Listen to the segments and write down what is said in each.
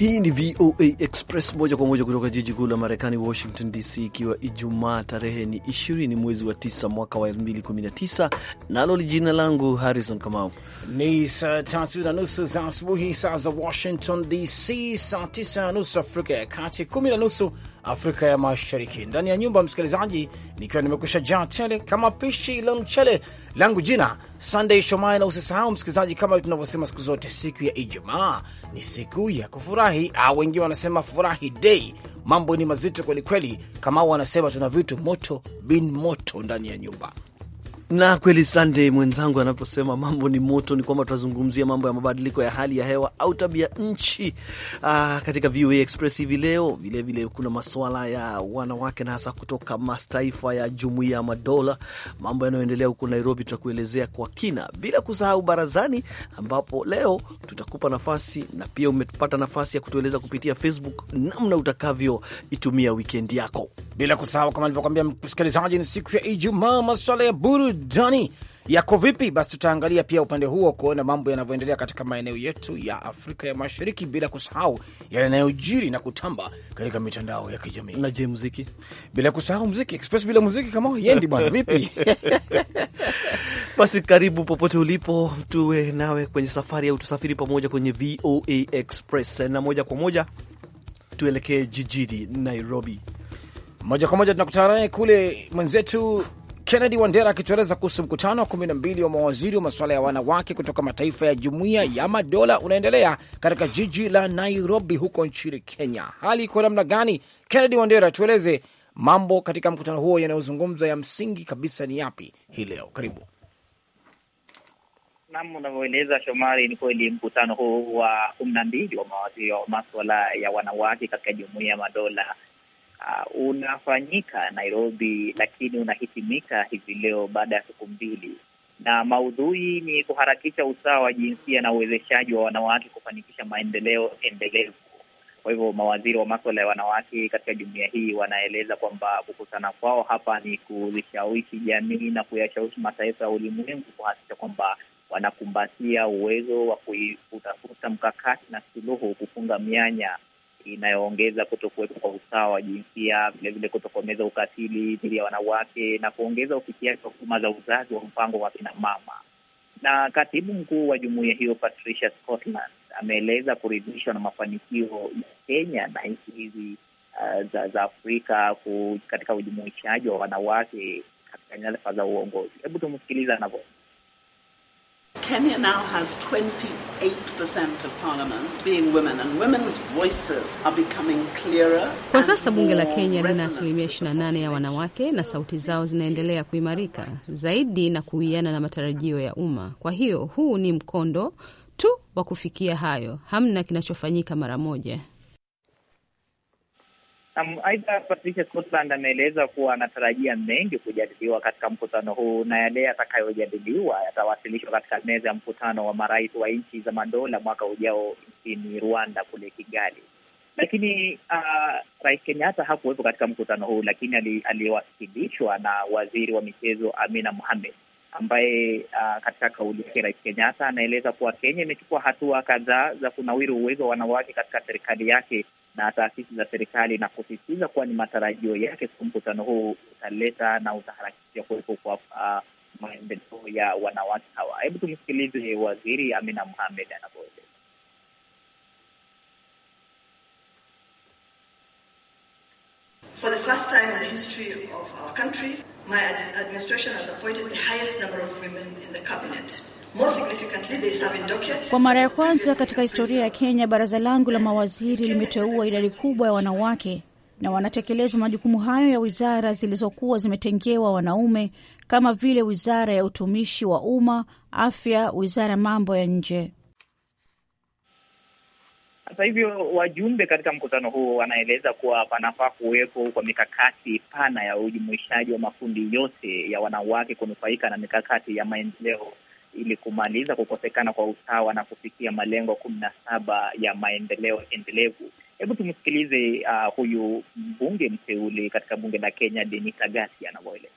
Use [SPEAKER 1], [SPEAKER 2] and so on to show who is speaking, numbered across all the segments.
[SPEAKER 1] Hii ni VOA Express moja kwa moja kutoka jiji kuu la Marekani, Washington DC, ikiwa Ijumaa tarehe ni 20 mwezi wa 9 mwaka wa tisa.
[SPEAKER 2] Nalo jina langu Harrison Kamau. Ni saa tatu na nusu za asubuhi saa za Washington DC, saa tisa na nusu Afrika ya Kati, kumi na nusu Afrika ya Mashariki, ndani ya nyumba msikilizaji, nikiwa nimekusha jaa tele kama pishi la mchele langu. Jina Sunday Shomai, na usisahau msikilizaji, kama tunavyosema siku zote, siku ya Ijumaa ni siku ya kufurahi, au ah, wengine wanasema furahi dei. Mambo ni mazito kwelikweli, kama wanasema tuna vitu moto bin moto ndani ya nyumba
[SPEAKER 1] na kweli Sunday mwenzangu anaposema mambo ni moto, ni kwamba tunazungumzia mambo ya mabadiliko ya hali ya hewa au tabia nchi aa, ah, katika VOA Express hivi leo. Vilevile kuna maswala ya wanawake na hasa kutoka mataifa ya jumuiya ya madola, mambo yanayoendelea huko Nairobi tutakuelezea kwa kina, bila kusahau barazani, ambapo leo tutakupa nafasi na pia umepata nafasi ya kutueleza kupitia Facebook namna utakavyoitumia wikendi
[SPEAKER 2] yako, bila kusahau kama alivyokwambia msikilizaji, ni siku ya Ijumaa, maswala ya buru burudani yako vipi? Basi tutaangalia pia upande huo kuona mambo yanavyoendelea katika maeneo yetu ya Afrika ya Mashariki, bila kusahau yale yanayojiri na kutamba katika mitandao ya kijamii. Na je, muziki? Bila kusahau muziki express, bila muziki kama yendi bwana vipi?
[SPEAKER 1] Basi karibu popote ulipo, tuwe nawe kwenye safari au tusafiri pamoja kwenye VOA
[SPEAKER 2] Express, na moja kwa moja tuelekee jijini Nairobi moja kwa moja tunakutana naye kule mwenzetu Kennedy Wandera akitueleza kuhusu mkutano wa kumi na mbili wa mawaziri wa masuala ya wanawake kutoka mataifa ya jumuiya ya madola unaendelea katika jiji la Nairobi huko nchini Kenya. Hali iko namna gani? Kennedy Wandera, tueleze mambo katika mkutano huo yanayozungumzwa ya msingi kabisa ni yapi hii leo? Karibu.
[SPEAKER 3] Nam, unavyoeleza Shomari, ni kweli mkutano huu wa kumi na mbili wa mawaziri wa maswala ya wanawake katika jumuia ya madola uh, unafanyika Nairobi, lakini unahitimika hivi leo baada ya siku mbili, na maudhui ni kuharakisha usawa wa jinsia na uwezeshaji wa wanawake kufanikisha maendeleo endelevu. Kwa hivyo mawaziri wa maswala ya wanawake katika jumuiya hii wanaeleza kwamba kukutana kwao hapa ni kuzishawishi jamii na kuyashawishi mataifa ya ulimwengu kuhakikisha kwamba wanakumbatia uwezo wa kutafuta mkakati na suluhu kufunga mianya inayoongeza kutokuwepo kwa usawa wa jinsia, vilevile kutokomeza ukatili dhidi ya wanawake na kuongeza ufikiaji wa huduma za uzazi wa mpango wa kinamama. Na katibu mkuu wa jumuiya hiyo Patricia Scotland ameeleza kuridhishwa na mafanikio ya Kenya na nchi hizi uh, za, za Afrika ku, katika ujumuishaji wa wanawake katika nyadhifa za uongozi. Hebu tumsikiliza anavyo Kenya now has 28% of parliament being women and women's voices are becoming clearer.
[SPEAKER 4] Kwa sasa bunge la Kenya lina asilimia 28 ya wanawake na sauti zao zinaendelea kuimarika zaidi na kuwiana na matarajio ya umma. Kwa hiyo huu ni mkondo tu wa kufikia hayo, hamna kinachofanyika mara moja.
[SPEAKER 3] Aidha, Patricia Scotland ameeleza kuwa anatarajia mengi kujadiliwa katika mkutano huu na yale yatakayojadiliwa yatawasilishwa katika meza ya mkutano wa marais wa nchi za madola mwaka ujao nchini Rwanda kule Kigali. Lakini uh, Rais Kenyatta hakuwepo katika mkutano huu, lakini ali na waziri wa michezo Amina Mohamed ambaye uh, katika kauli yake Rais Kenyatta anaeleza kuwa Kenya imechukua hatua kadhaa za kunawiri uwezo wa wanawake katika serikali yake na taasisi za serikali na kusisitiza kuwa ni matarajio yake siku mkutano huu utaleta na utaharakisha kuwepo kwa uh, maendeleo ya wanawake hawa. Hebu tumsikilize Waziri Amina Mohamed anavyoeleza.
[SPEAKER 1] For the first time in the history of our country, my administration has appointed the highest number of women in the cabinet.
[SPEAKER 2] Kwa mara ya kwanza katika historia ya Kenya, baraza langu la mawaziri limeteua idadi kubwa ya wanawake na wanatekeleza
[SPEAKER 4] majukumu hayo ya wizara zilizokuwa zimetengewa wanaume kama vile wizara ya utumishi wa umma, afya, wizara ya mambo ya nje.
[SPEAKER 3] Sasa hivyo wajumbe katika mkutano huo wanaeleza kuwa panafaa kuwepo kwa mikakati pana ya ujumuishaji wa makundi yote ya wanawake kunufaika na mikakati ya maendeleo ili kumaliza kukosekana kwa usawa na kufikia malengo kumi na saba ya maendeleo endelevu. Hebu tumsikilize uh, huyu mbunge mteule katika bunge la Kenya, Denisa Gasi anavyoeleza.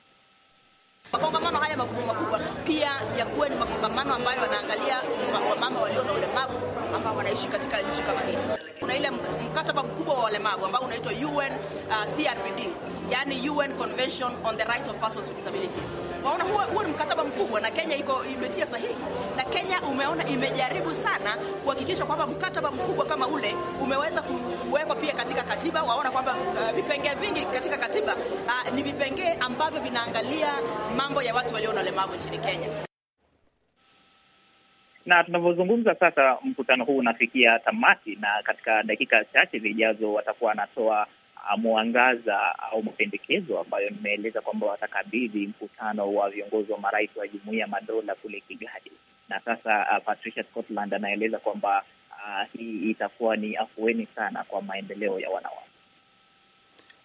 [SPEAKER 3] Makongamano haya makubwa makubwa pia yakuwa ni makongamano ambayo wanaangalia wamama walio na ulemavu ambao wanaishi katika nchi kama hii kuna ile mkataba mkubwa wa walemavu ambao unaitwa UN uh, CRPD, yani UN Convention on the Rights of Persons with Disabilities. Waona huo, huo ni mkataba mkubwa na Kenya iko imetia sahihi, na Kenya umeona imejaribu sana kuhakikisha kwamba mkataba mkubwa kama ule umeweza kuwekwa pia katika katiba. Waona kwamba uh, vipengee vingi katika katiba uh, ni vipengee ambavyo vinaangalia mambo ya watu walio na ulemavu nchini Kenya. Na tunavyozungumza sasa, mkutano huu unafikia tamati, na katika dakika chache zijazo watakuwa wanatoa ah, mwangaza au mapendekezo ambayo nimeeleza kwamba watakabidhi mkutano wa viongozi wa marais wa ya madola kule Kigali. Na sasa uh, Patricia Scotland anaeleza kwamba uh, hii itakuwa ni afueni sana kwa maendeleo ya wanawake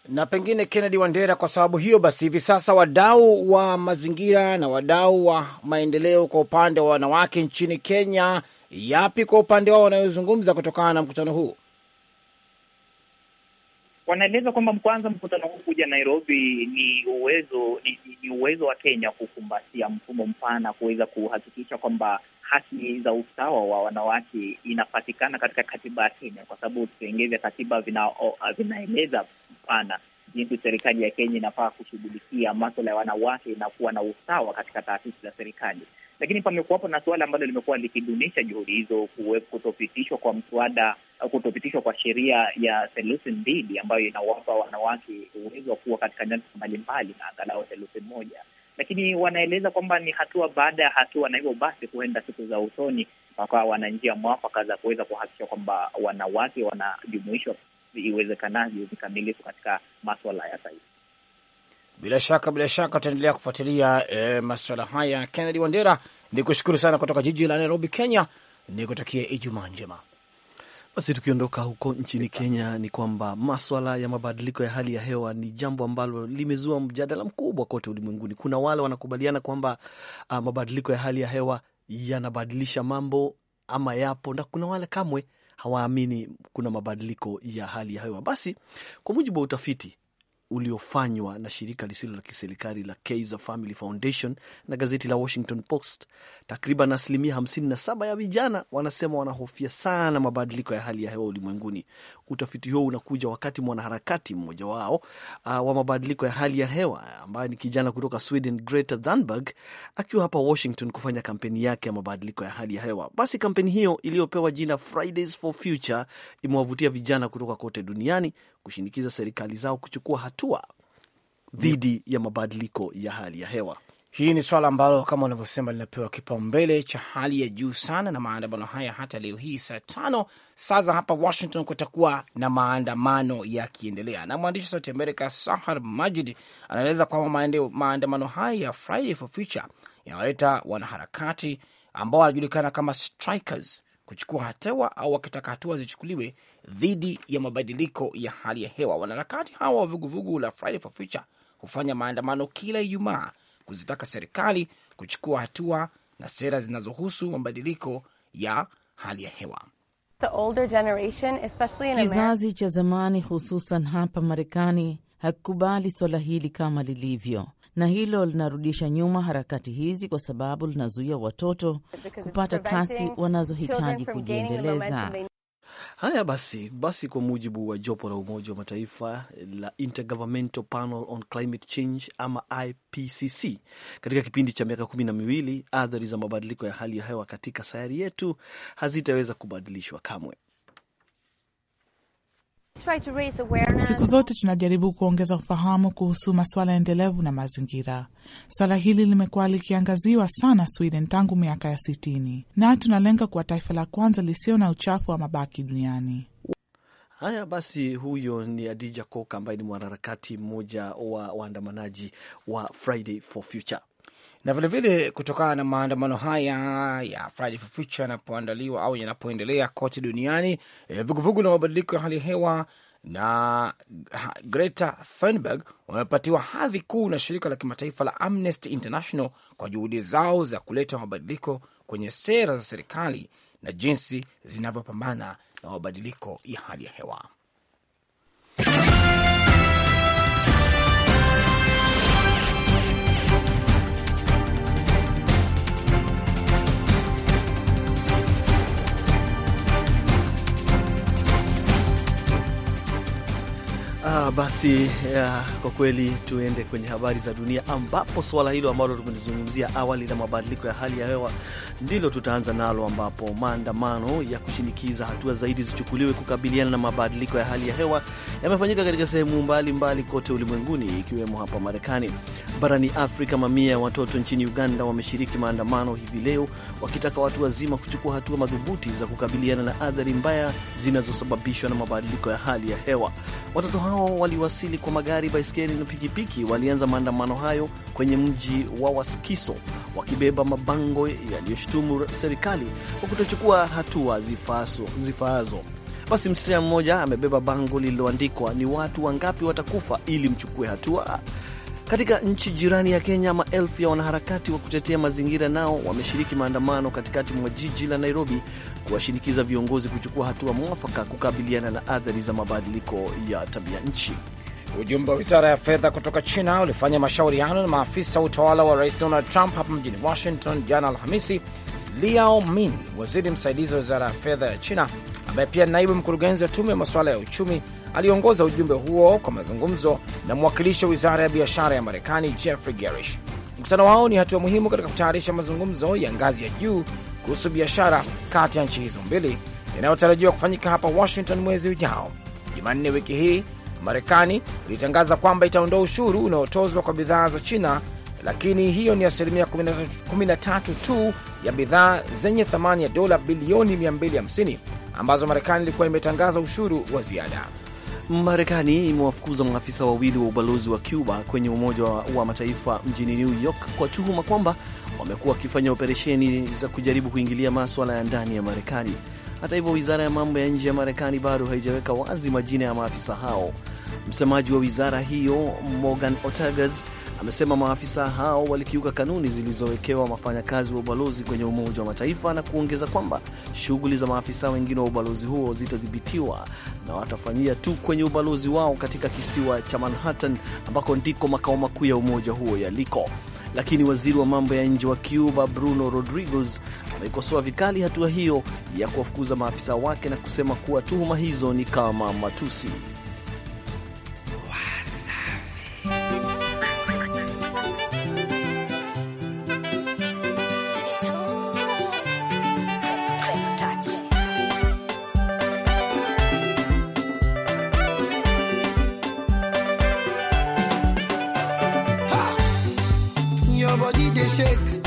[SPEAKER 3] na
[SPEAKER 2] pengine Kennedy Wandera, kwa sababu hiyo basi, hivi sasa wadau wa mazingira na wadau wa maendeleo kwa upande wa wanawake nchini Kenya, yapi kwa upande wao wanayozungumza kutokana na mkutano huu?
[SPEAKER 3] Wanaeleza kwamba kwanza mkutano huu kuja Nairobi ni uwezo ni, ni uwezo wa Kenya kukumbatia mfumo mpana kuweza kuhakikisha kwamba haki za usawa wa wanawake inapatikana katika katiba ya Kenya, kwa sababu vipengee vya katiba vinaeleza pana jinsi serikali ya Kenya inafaa kushughulikia maswala ya wanawake na kuwa na usawa katika taasisi za serikali. Lakini pamekuwapo na suala ambalo limekuwa likidunisha juhudi hizo, kutopitishwa kwa mswada, kutopitishwa kwa sheria ya theluthi mbili ambayo inawapa wanawake uwezo wa kuwa katika nyanja mbalimbali na angalau theluthi moja lakini wanaeleza kwamba ni hatua baada ya hatua, na hivyo basi huenda siku za usoni wakawa wana njia mwafaka za kuweza kuhakikisha kwamba wanawake wanajumuishwa iwezekanavyo vikamilifu katika maswala ya taifa.
[SPEAKER 2] Bila shaka, bila shaka tutaendelea kufuatilia e, maswala haya. Kennedy Wandera, ni kushukuru sana kutoka jiji la Nairobi, Kenya, ni kutokia Ijumaa njema. Basi tukiondoka huko nchini Kenya, ni kwamba maswala ya mabadiliko ya hali ya hewa ni
[SPEAKER 1] jambo ambalo limezua mjadala mkubwa kote ulimwenguni. Kuna wale wanakubaliana kwamba uh, mabadiliko ya hali ya hewa yanabadilisha mambo ama yapo, na kuna wale kamwe hawaamini kuna mabadiliko ya hali ya hewa. Basi kwa mujibu wa utafiti uliofanywa na shirika lisilo la kiserikali la Kaiser Family Foundation na gazeti la Washington Post, takriban asilimia 57 ya vijana wanasema wanahofia sana mabadiliko ya hali ya hewa ulimwenguni. Utafiti huo unakuja wakati mwanaharakati mmoja wao uh, wa mabadiliko ya hali ya hewa ambaye ni kijana kutoka Sweden, Greta Thunberg, akiwa hapa Washington kufanya kampeni yake ya mabadiliko ya hali ya hewa. Basi kampeni hiyo iliyopewa jina Fridays for Future imewavutia vijana kutoka kote duniani kushinikiza serikali zao kuchukua hatua dhidi
[SPEAKER 2] ya mabadiliko ya hali ya hewa. Hii ni swala ambalo kama unavyosema linapewa kipaumbele cha hali ya juu sana, na maandamano haya hata leo hii saa tano za hapa Washington kutakuwa na maandamano yakiendelea. Na mwandishi wa Sauti Amerika Sahar Majid anaeleza kwamba maandamano haya ya Friday for Future yanawaleta wanaharakati ambao wanajulikana kama strikers kuchukua hatua au wakitaka hatua zichukuliwe dhidi ya mabadiliko ya hali ya hewa. Wanaharakati hawa wa vuguvugu la Friday for Future hufanya maandamano kila Ijumaa kuzitaka serikali kuchukua hatua na sera zinazohusu mabadiliko ya hali ya hewa. Kizazi cha zamani, hususan hapa Marekani,
[SPEAKER 3] hakikubali swala hili kama lilivyo na hilo linarudisha nyuma harakati hizi kwa sababu linazuia watoto kupata kasi wanazohitaji kujiendeleza.
[SPEAKER 1] Haya basi, basi kwa mujibu wa jopo la Umoja wa Mataifa la Intergovernmental Panel on Climate Change ama IPCC, katika kipindi cha miaka kumi na miwili athari za mabadiliko ya hali ya hewa katika sayari yetu hazitaweza kubadilishwa kamwe.
[SPEAKER 3] Siku zote tunajaribu kuongeza ufahamu kuhusu masuala endelevu na mazingira. Swala hili limekuwa likiangaziwa sana Sweden tangu miaka ya sitini, na tunalenga kuwa taifa la kwanza lisio na uchafu wa mabaki duniani.
[SPEAKER 1] Haya basi, huyo ni Adija Koka ambaye ni mwanaharakati mmoja wa waandamanaji
[SPEAKER 2] wa Friday for Future na vilevile kutokana na maandamano haya ya Friday for Future yanapoandaliwa au yanapoendelea kote duniani, e, vuguvugu la mabadiliko ya hali ya hewa na Greta Thunberg wamepatiwa hadhi kuu na shirika la kimataifa la Amnesty International kwa juhudi zao za kuleta mabadiliko kwenye sera za serikali na jinsi zinavyopambana na mabadiliko ya hali ya hewa.
[SPEAKER 1] Ah, basi ya, kwa kweli tuende kwenye habari za dunia ambapo suala hilo ambalo tumelizungumzia awali la mabadiliko ya hali ya hewa ndilo tutaanza nalo, ambapo maandamano ya kushinikiza hatua zaidi zichukuliwe kukabiliana na mabadiliko ya hali ya hewa yamefanyika katika sehemu mbalimbali kote ulimwenguni ikiwemo hapa Marekani. Barani Afrika, mamia ya watoto nchini Uganda wameshiriki maandamano hivi leo wakitaka watu wazima kuchukua hatua madhubuti za kukabiliana na athari mbaya zinazosababishwa na mabadiliko ya hali ya hewa. Watoto hao waliwasili kwa magari, baiskeli na pikipiki walianza maandamano hayo kwenye mji wa Waskiso wakibeba mabango yaliyoshutumu serikali kwa kutochukua hatua zifaazo. Basi msichana mmoja amebeba bango lililoandikwa, ni watu wangapi watakufa ili mchukue hatua? Katika nchi jirani ya Kenya, maelfu ya wanaharakati wa kutetea mazingira nao wameshiriki maandamano katikati mwa jiji la Nairobi kuwashinikiza viongozi kuchukua hatua
[SPEAKER 2] mwafaka kukabiliana na athari za mabadiliko ya tabia nchi. Ujumbe wa wizara ya fedha kutoka China ulifanya mashauriano na maafisa wa utawala wa rais Donald Trump hapa mjini Washington jana Alhamisi. Liao Min, waziri msaidizi wa wizara ya fedha ya China, ambaye pia naibu mkurugenzi wa tume ya masuala ya uchumi aliongoza ujumbe huo kwa mazungumzo na mwakilishi wa wizara ya biashara ya Marekani Jeffrey Gerish. Mkutano wao ni hatua muhimu katika kutayarisha mazungumzo ya ngazi ya juu kuhusu biashara kati ya nchi hizo mbili yanayotarajiwa kufanyika hapa Washington mwezi ujao. Jumanne wiki hii Marekani ilitangaza kwamba itaondoa ushuru unaotozwa kwa bidhaa za China, lakini hiyo ni asilimia 13 tu ya bidhaa zenye thamani ya dola bilioni 250 ambazo Marekani ilikuwa imetangaza ushuru wa ziada.
[SPEAKER 1] Marekani imewafukuza maafisa wawili wa ubalozi wa Cuba kwenye Umoja wa Mataifa mjini New York kwa tuhuma kwamba wamekuwa wakifanya operesheni za kujaribu kuingilia maswala ya ndani ya Marekani. Hata hivyo, wizara ya mambo ya nje ya Marekani bado haijaweka wazi majina ya maafisa hao. Msemaji wa wizara hiyo Morgan otagas amesema maafisa hao walikiuka kanuni zilizowekewa wafanyakazi wa ubalozi kwenye Umoja wa Mataifa na kuongeza kwamba shughuli za maafisa wengine wa ubalozi huo zitadhibitiwa na watafanyia tu kwenye ubalozi wao katika kisiwa cha Manhattan ambako ndiko makao makuu ya umoja huo yaliko. Lakini waziri wa mambo ya nje wa Cuba Bruno Rodriguez ameikosoa vikali hatua hiyo ya kuwafukuza maafisa wake na kusema kuwa tuhuma hizo ni kama matusi.
[SPEAKER 5] shake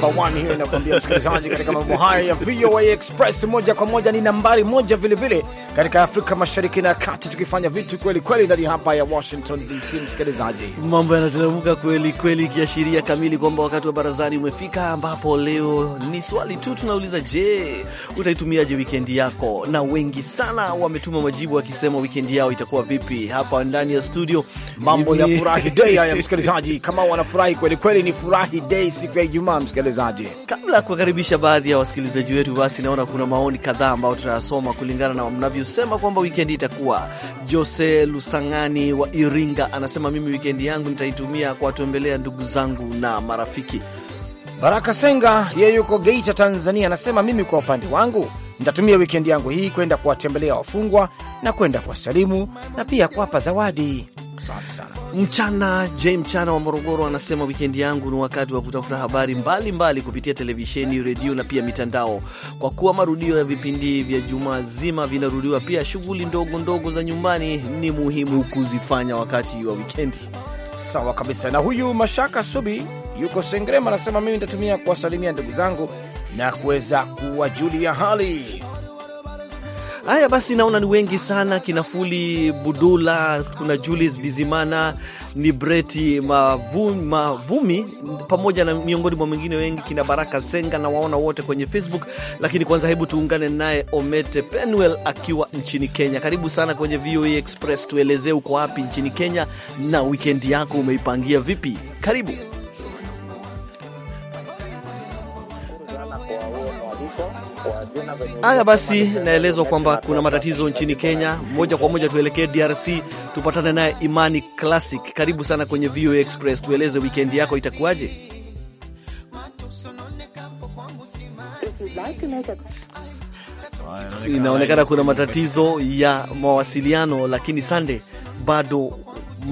[SPEAKER 2] namba 1 hiyo inakuambia msikilizaji, katika mambo haya ya VOA Express moja kwa moja ni nambari moja vilevile vile katika Afrika Mashariki na Kati, tukifanya vitu kweli kweli ndani hapa ya Washington DC. Msikilizaji,
[SPEAKER 1] mambo yanateremka kweli kweli, ikiashiria kamili kwamba wakati wa barazani umefika, ambapo leo ni swali tu tunauliza, je, utaitumiaje wikendi yako? Na wengi sana wametuma majibu wakisema
[SPEAKER 2] wikendi yao itakuwa vipi. Hapa ndani ya studio mambo ya furahi dei haya, msikilizaji, kama wanafurahi kweli kweli, ni furahi dei siku ya Ijumaa. Msikilizaji,
[SPEAKER 1] kabla ya kuwakaribisha baadhi ya wasikilizaji wetu, basi naona kuna maoni kadhaa ambayo tunayasoma kulingana na mnavyo kusema kwamba wikendi itakuwa. Jose Lusangani wa Iringa anasema mimi wikendi yangu nitaitumia kuwatembelea
[SPEAKER 2] ndugu zangu na marafiki. Baraka Senga yeye yuko Geita, Tanzania, anasema mimi kwa upande wangu Nitatumia wikendi yangu hii kwenda kuwatembelea wafungwa na kwenda kuwasalimu na pia kuwapa zawadi. Safi sana. Mchana J Mchana wa Morogoro
[SPEAKER 1] anasema wikendi yangu ni wakati wa kutafuta habari mbalimbali mbali kupitia televisheni, redio na pia mitandao. Kwa kuwa marudio ya vipindi vya juma zima vinarudiwa, pia shughuli ndogo ndogo za
[SPEAKER 2] nyumbani ni muhimu kuzifanya wakati wa wikendi. Sawa kabisa. Na huyu Mashaka Subi yuko Sengrema anasema mimi nitatumia kuwasalimia ndugu zangu na kuweza kuwa Julia hali. Haya basi, naona ni wengi sana,
[SPEAKER 1] kinafuli Budula, kuna Julius Bizimana, ni Breti Mavumi, Mavumi pamoja na miongoni mwa mwingine wengi, kina Baraka Senga na waona wote kwenye Facebook. Lakini kwanza, hebu tuungane naye Omete penwel akiwa nchini Kenya. Karibu sana kwenye VOA e Express, tuelezee uko wapi nchini Kenya na wikendi yako umeipangia vipi? Karibu. Haya basi, naelezwa kwamba kuna matatizo nchini Kenya. Moja kwa moja tuelekee DRC, tupatane naye Imani Classic. Karibu sana kwenye VOA Express, tueleze wikendi yako itakuwaje?
[SPEAKER 5] Inaonekana kuna matatizo
[SPEAKER 1] ya mawasiliano, lakini sande bado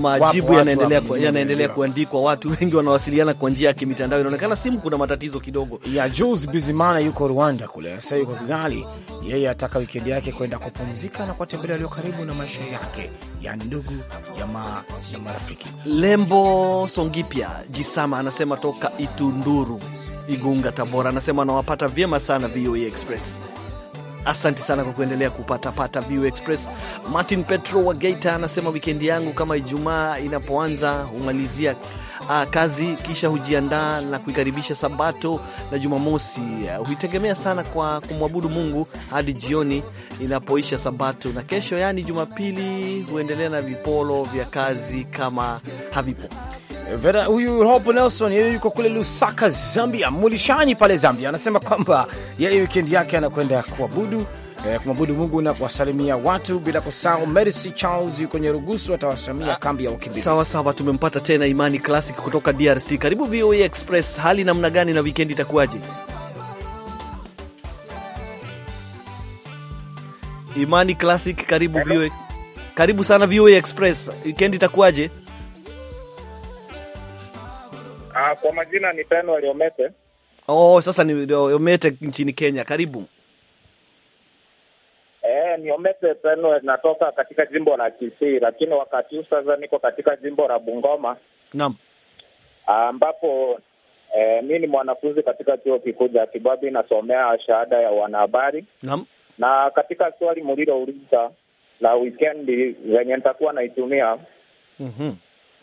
[SPEAKER 1] majibu yanaendelea yanaendelea kuandikwa, watu wengi wanawasiliana kwa njia ya kimitandao. Inaonekana simu kuna matatizo kidogo.
[SPEAKER 2] ya Jules Bizimana yuko Rwanda kule, sasa yuko Kigali, yeye ataka wikendi yake kwenda kupumzika na kuwatembelea walio karibu na maisha yake, yani ndugu, jamaa na marafiki. Lembo Songipya
[SPEAKER 1] Jisama anasema toka Itunduru, Igunga, Tabora, anasema anawapata vyema sana VOA e Express. Asante sana kwa kuendelea kupatapata VU Express. Martin Petro wa Geita anasema wikendi yangu kama Ijumaa inapoanza humalizia uh, kazi kisha hujiandaa na kuikaribisha Sabato na Jumamosi. Uh, huitegemea sana kwa kumwabudu Mungu hadi jioni inapoisha Sabato, na kesho, yaani
[SPEAKER 2] Jumapili, huendelea na vipolo vya kazi kama havipo. Vera, huyu Rob Nelson yeye yuko kule Lusaka, Zambia, mulishani pale Zambia, anasema kwamba yeye wikendi yake anakwenda kuabudu eh, kumwabudu Mungu na kuwasalimia watu bila kusahau Mercy Charles yuko Nyarugusu, atawasalimia kambi ya wakimbizi. Sawa
[SPEAKER 1] sawa, tumempata tena Imani Classic kutoka DRC. Karibu VOA Express, hali namna gani na wikendi itakuwaje? Imani Classic, karibu VOA, karibu sana VOA Express, wikendi itakuwaje?
[SPEAKER 6] Ah, kwa majina ni Penwell Omete.
[SPEAKER 1] Oh, sasa ni oh, Omete nchini Kenya. Karibu.
[SPEAKER 6] Eh, ni Omete Penwell, natoka katika jimbo la Kisii, lakini wakati huu sasa niko katika jimbo la Bungoma. Naam. Ah, ambapo eh, mi ni mwanafunzi katika chuo kikuu cha Kibabi, nasomea shahada ya wanahabari. Naam. Na katika swali mlilouliza la wikendi zenye nitakuwa naitumia, mm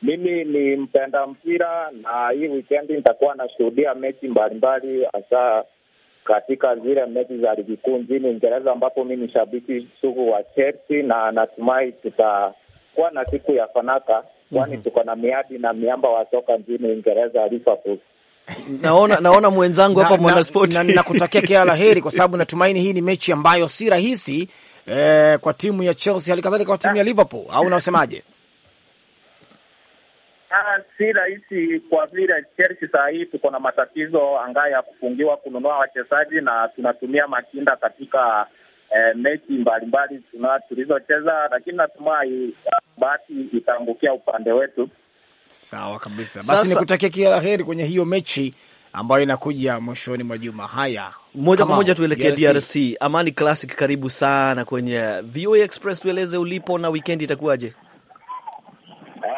[SPEAKER 6] mimi ni mpenda mpira na hii wikendi nitakuwa nashuhudia mechi mbalimbali, hasa katika zile mechi za ligi kuu nchini Uingereza, ambapo mi ni shabiki sugu wa Chelsea, na natumai tutakuwa na siku ya fanaka, kwani mm -hmm. tuko na miadi na miamba wa soka nchini Uingereza, Liverpool.
[SPEAKER 2] Naona naona mwenzangu hapa mwanaspoti, na nakutakia kila la heri, kwa sababu natumaini hii ni mechi ambayo si rahisi eh, kwa timu ya Chelsea, halikadhalika kwa timu ya Liverpool, au unasemaje?
[SPEAKER 6] Ah, si rahisi kwa vile Chelsea saa hii tuko na matatizo angaa ya kufungiwa kununua wachezaji na tunatumia makinda katika eh, mechi mbalimbali tulizocheza, lakini natumai ah, bahati itaangukia upande wetu.
[SPEAKER 2] Sawa kabisa, basi nikutakia kila heri kwenye hiyo mechi ambayo inakuja mwishoni mwa juma. Haya, moja kwa moja tuelekee DRC. Amani Classic, karibu sana kwenye VOA Express, tueleze ulipo
[SPEAKER 1] na wikendi itakuwaje?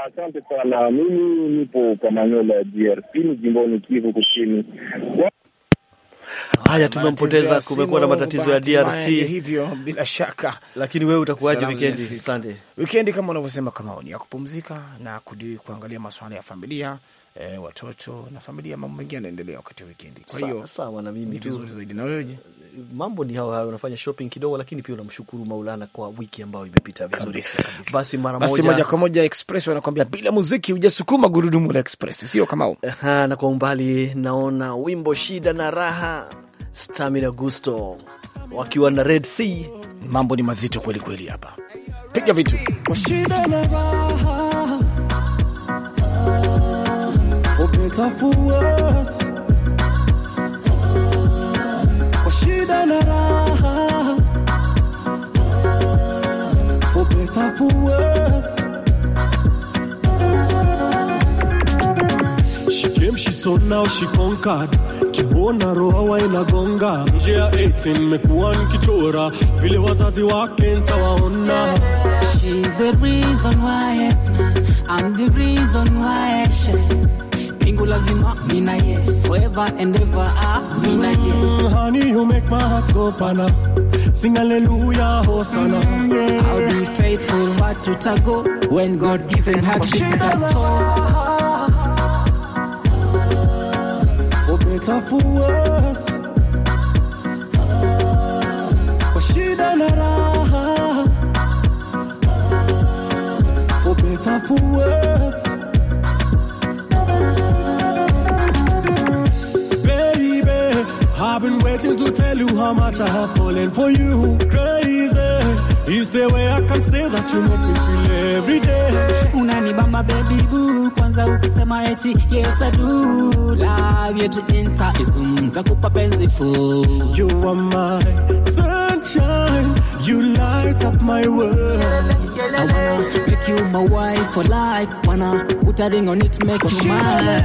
[SPEAKER 6] Asante sana. Mimi nipo ya DRC, ni jimboni Kivu Kusini.
[SPEAKER 2] Haya, tumempoteza. Kumekuwa na matatizo ya DRC hivyo, bila shaka. Lakini wewe utakuwaje wikendi? Asante wikendi kama unavyosema, kama ni ya kupumzika na kudi, kuangalia masuala ya familia e, watoto na familia, mambo mengine yanaendelea wakati wa wikendi. Kwa hiyo sawa na mimi tu zaidi. Na wewe je?
[SPEAKER 1] mambo ni hao hayo, unafanya shopping kidogo, lakini pia unamshukuru Maulana kwa wiki ambayo imepita vizuri Basi mara moja, basi moja kwa
[SPEAKER 2] moja Express wanakuambia bila muziki hujasukuma gurudumu la Express, sio
[SPEAKER 1] kama na kwa umbali naona wimbo shida na raha Stamina Gusto wakiwa na Red Sea. Mambo ni mazito kweli kweli hapa, piga vitu kwa shida na raha
[SPEAKER 5] kushona ushikon card kibona roa wa inagonga njia 18 mekuwa nkichora vile wazazi wake ntawaona. She's the reason why I smile. I'm the reason why I shine. mina ye forever and ever mina ah, ye. Mm, honey you make my heart go pana. Sing hallelujah, I'll be faithful,
[SPEAKER 2] but to tago when God given heart, she
[SPEAKER 5] has it's all for us. for better for worse. Baby, I've been waiting to tell you how much I have fallen for you. Crazy. Is the way I can say that you
[SPEAKER 3] make me feel every day. Unanibamba baby boo, kwanza ukisema eti yes I do. Love you yetu entaism, nitakupa penzi full. You
[SPEAKER 5] are my sunshine, you light up my world. I
[SPEAKER 3] wanna make you my wife for life. Wanna put a ring on it, make you mine.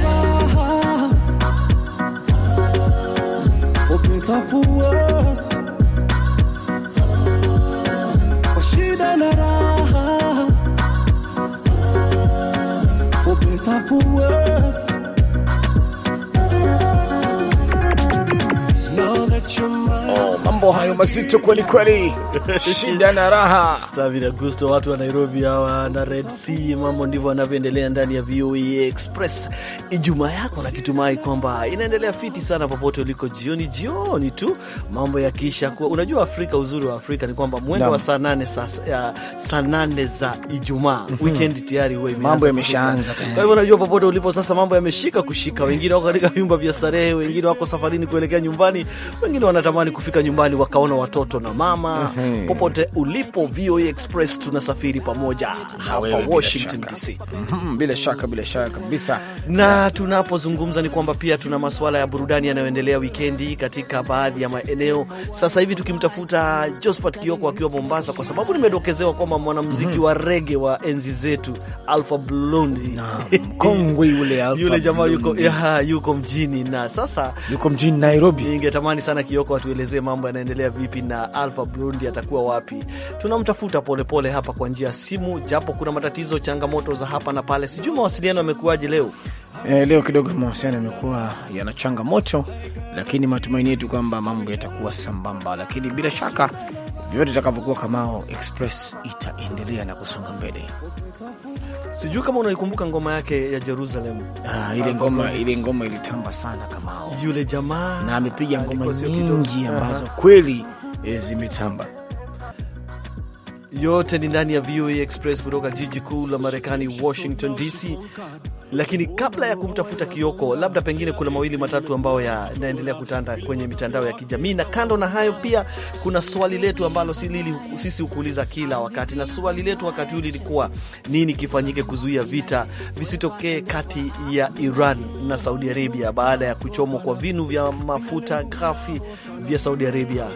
[SPEAKER 3] For better, for
[SPEAKER 5] worse. na raha for better for worse. Now that you're mine.
[SPEAKER 1] Oh, mambo hayo mazito kweli kweli, shida na raha. Stavi Gusto, watu wa Nairobi hawa na Red Sea, mambo ndivyo wanavyoendelea ndani ya VOA e Express. Ijumaa yako nakitumai kwamba inaendelea fiti sana popote uliko, jioni jioni tu mambo yakiisha kuwa. Unajua Afrika, uzuri wa Afrika ni kwamba mwendo wa saa nane saa nane za Ijumaa mhm. weekend tayari huwa mambo yameshaanza tena. Kwa hivyo unajua, popote ulipo sasa mambo yameshika kushika, wengine wako katika vyumba vya starehe, wengine wako safarini kuelekea nyumbani, wengine wanatamani kufika nyumbani wakaona watoto na mama. mm -hmm. Popote ulipo, VOA e Express tunasafiri pamoja hapa Washington DC. Mhm, bila shaka, bila shaka kabisa. Na tunapozungumza ni kwamba pia tuna masuala ya burudani yanayoendelea wikendi katika baadhi ya maeneo. Sasa hivi tukimtafuta Josephat Kioko akiwa Mombasa, kwa sababu nimedokezewa kwamba mwanamuziki mm -hmm. wa rege wa enzi zetu Alpha Blondy mkongwe yule, Alpha yule jamaa yuko, yuko mjini na sasa yuko mjini Nairobi. Ningetamani sana Kioko atueleze tueleze mambo yanaendelea vipi na Alpha Blondy atakuwa wapi. Tunamtafuta polepole hapa kwa njia ya simu, japo kuna matatizo, changamoto za hapa na pale. Sijui mawasiliano yamekuwaje leo.
[SPEAKER 2] Eh, leo kidogo mawasiliano yamekuwa yana changamoto, lakini matumaini yetu kwamba mambo yatakuwa sambamba, lakini bila shaka vyote itakavyokuwa, Kamao Express itaendelea na kusonga mbele. Sijui
[SPEAKER 1] kama unaikumbuka ngoma yake ya Jerusalem.
[SPEAKER 2] Ah, ile ngoma ile ngoma ilitamba sana Kamao,
[SPEAKER 1] yule jamaa
[SPEAKER 2] na amepiga ngoma nyingi ambazo kweli eh, zimetamba yote ni ndani ya VOA
[SPEAKER 1] Express kutoka jiji kuu la Marekani, Washington DC. Lakini kabla ya kumtafuta Kioko, labda pengine kuna mawili matatu ambayo yanaendelea kutanda kwenye mitandao ya kijamii, na kando na hayo pia kuna swali letu ambalo sisi hukuuliza kila wakati, na swali letu wakati huu lilikuwa nini kifanyike kuzuia vita visitokee kati ya Iran na Saudi Arabia baada ya kuchomwa kwa vinu vya mafuta ghafi vya Saudi
[SPEAKER 2] Arabia.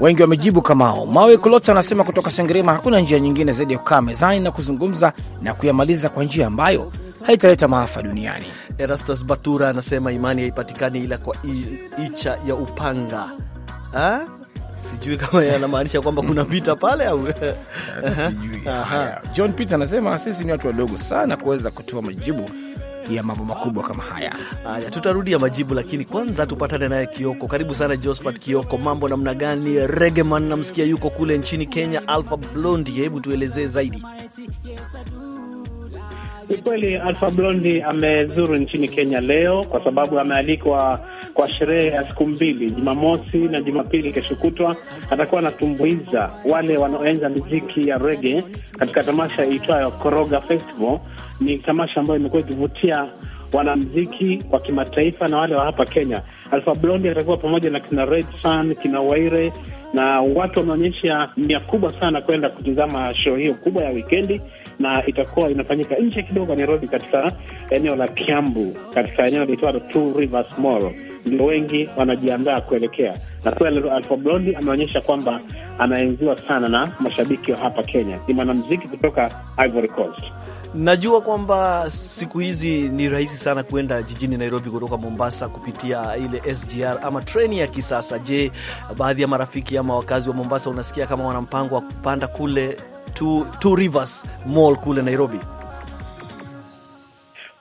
[SPEAKER 2] Wengi wamejibu Kamao Mawe Kulota anasema kutoka Sengerema, hakuna njia nyingine zaidi ya kukaa mezani na kuzungumza na kuyamaliza kwa njia ambayo haitaleta maafa duniani. Erastus Batura anasema imani haipatikani ila kwa icha ya upanga ha? Sijui kama yanamaanisha kwamba kuna vita pale au John Peter anasema sisi ni watu wadogo sana kuweza kutoa majibu ya mambo makubwa kama haya. Haya, tutarudia majibu, lakini kwanza tupatane naye Kioko. Karibu sana Josphat Kioko,
[SPEAKER 1] mambo namna gani? Regeman namsikia yuko kule nchini Kenya, Alpha Blondi, hebu tuelezee
[SPEAKER 4] zaidi. Ni kweli Alpha blondi amezuru nchini Kenya leo kwa sababu amealikwa kwa sherehe ya siku mbili, Jumamosi na Jumapili. Kesho kutwa atakuwa anatumbuiza wale wanaoenza muziki ya rege katika tamasha iitwayo Koroga Festival. Ni tamasha ambayo imekuwa ikivutia wanamziki wa kimataifa na wale wa hapa Kenya. Alpha Blondy atakuwa pamoja na kina Red Sun, kina Waire na watu wameonyesha nia kubwa sana kwenda kutizama show hiyo kubwa ya wikendi, na itakuwa inafanyika nje kidogo ya Nairobi, katika eneo la Kiambu, katika eneo liitwalo Two Rivers Mall. Ndio wengi wanajiandaa kuelekea, na kweli Alpha Blondy ameonyesha kwamba anaenziwa sana na mashabiki wa hapa Kenya. Ni mwanamziki kutoka Ivory Coast.
[SPEAKER 1] Najua kwamba siku hizi ni rahisi sana kuenda jijini Nairobi kutoka Mombasa kupitia ile SGR ama treni ya kisasa. Je, baadhi ya marafiki ama wakazi wa Mombasa unasikia kama wana mpango wa kupanda kule Two, Two Rivers Mall kule Nairobi?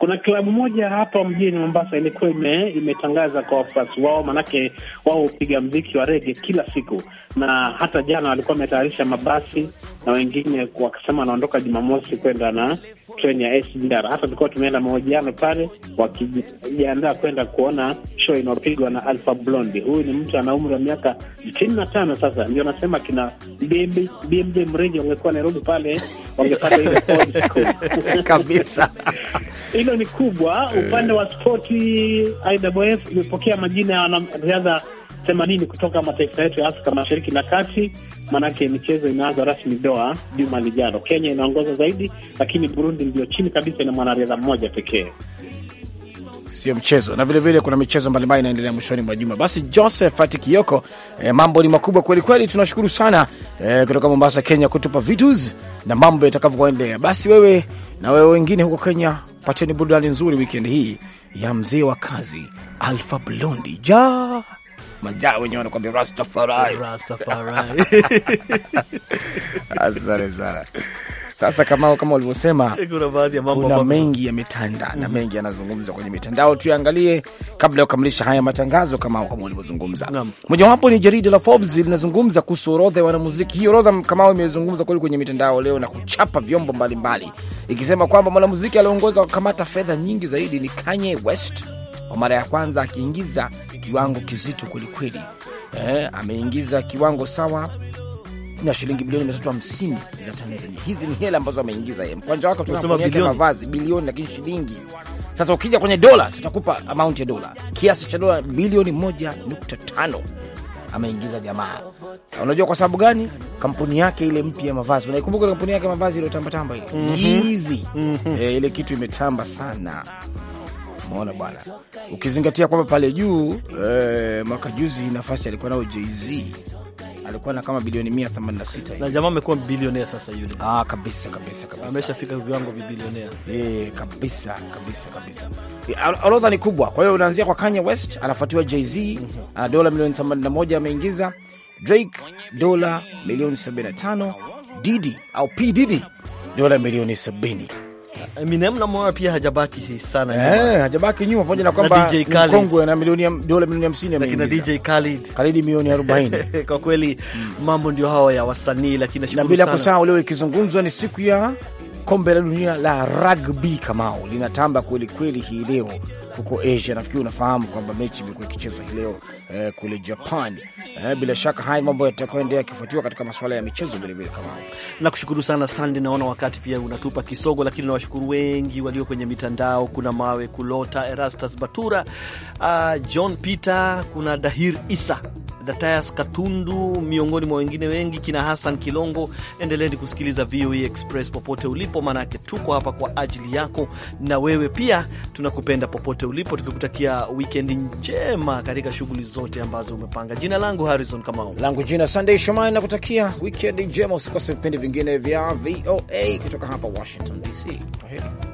[SPEAKER 4] Kuna klabu moja hapa mjini Mombasa ilikuwa ime, imetangaza kwa wafuasi wao, maanake wao hupiga mziki wa rege kila siku, na hata jana walikuwa wametayarisha mabasi na wengine wakasema wanaondoka Jumamosi kwenda na treni ya SGR. Hata tulikuwa tumeenda mahojiano pale, wakijiandaa kwenda kuona show inayopigwa na Alpha Blondi. Huyu ni mtu ana umri wa miaka sitini na tano sasa, ndio nasema kina BMJ Mrengi wangekuwa Nairobi pale
[SPEAKER 2] wangepata ile kabisa
[SPEAKER 4] hiyo ni kubwa eh. upande wa spoti. IWF imepokea majina ya wanariadha themanini kutoka mataifa yetu ya Afrika Mashariki na Kati, maanake michezo inaanza rasmi Doha juma lijalo. Kenya inaongoza zaidi, lakini Burundi ndio chini kabisa, ina mwanariadha mmoja pekee
[SPEAKER 2] sio mchezo. Na vilevile vile kuna michezo mbalimbali inaendelea mwishoni mwa juma. Basi Joseph Ati Kioko, eh, mambo ni makubwa kweli kweli. Tunashukuru sana eh, kutoka Mombasa, Kenya, kutupa vitus na mambo yatakavyoendelea. Basi wewe na wewe wengine huko Kenya, pateni burudani nzuri wikendi hii ya mzee wa kazi Alpha Blondi ja majaa wenyewe wanakwambia Rastafari. Asante sana. Sasa kama kama ulivyosema, kuna baadhi ya mambo kuna mengi yametanda na mengi yanazungumzwa kwenye mitandao. Tuangalie kabla ya kukamilisha haya matangazo, kama kama ulivyozungumza mm -hmm. mojawapo ni jarida la Forbes linazungumza kuhusu orodha ya wanamuziki. Hii orodha kama imezungumza kweli kwenye mitandao leo na kuchapa vyombo mbalimbali mbali. ikisema kwamba mwanamuziki aliongoza kukamata fedha nyingi zaidi ni Kanye West kwa mara ya kwanza akiingiza kiwango kizito kwelikweli. Eh, ameingiza kiwango sawa na shilingi bilioni mia tatu hamsini za Tanzania. Hizi ni hela ambazo ameingiza yeye, mkwanja wako tunasema bilioni mavazi bilioni, lakini shilingi sasa ukija kwenye dola tutakupa amount ya dola, kiasi cha dola bilioni moja nukta tano ameingiza jamaa. Unajua kwa sababu gani? Kampuni yake ile mpya ya mavazi, unaikumbuka kampuni yake ya mavazi iliyotambatamba ile mm -hmm. Hizi. mm -hmm. E, eh, ile kitu imetamba sana, umeona bwana, ukizingatia kwamba pale juu e, mwaka juzi nafasi alikuwa nao Jay-Z alikuwa na kama bilioni 186 na jamaa amekuwa bilionea sasa yule. Ah, kabisa kabisa kabisa, ameshafika viwango vya bilionea eh, kabisa kabisa kabisa. Orodha ni kubwa, kwa hiyo unaanzia kwa Kanye West, anafuatiwa Jay-Z mhm. ana ah, dola milioni 81 ameingiza, Drake dola milioni 75, Didi au P Didi dola milioni 70. Eminem na Moyo pia hajabaki sana eh, nyuma. Eh, hajabaki nyuma pamoja na kwamba kongwe na milioni dola milioni 50 lakini na DJ Khalid Khalid milioni 40. Kwa kweli mambo ndio hawa ya wasanii, lakini nashukuru sana. Na bila kusahau leo ikizungumzwa ni siku ya kombe la dunia la rugby, kamao linatamba kweli kweli hii leo huko Asia. Nafikiri unafahamu kwamba mechi imekuwa ikichezwa hii leo eh, kule Japan. Eh, bila shaka haya mambo yatakayoendelea yakifuatiwa katika masuala ya michezo vilevile. Kama nakushukuru sana Sande,
[SPEAKER 1] naona wakati pia unatupa kisogo, lakini nawashukuru wengi walio kwenye mitandao. Kuna Mawe Kulota, Erastus Batura, uh, John Peter, kuna Dahir Isa datayas Katundu, miongoni mwa wengine wengi, kina Hassan Kilongo. endeleni kusikiliza VOA e Express popote ulipo, maanake tuko hapa kwa ajili yako, na wewe pia tunakupenda
[SPEAKER 2] popote ulipo, tukikutakia wikendi njema katika shughuli zote ambazo umepanga. Jina langu Harrison Kamau, langu jina Sunday Shomari, nakutakia wikendi njema. Usikose vipindi vingine vya VOA kutoka hapa Washington DC. Kwaheri.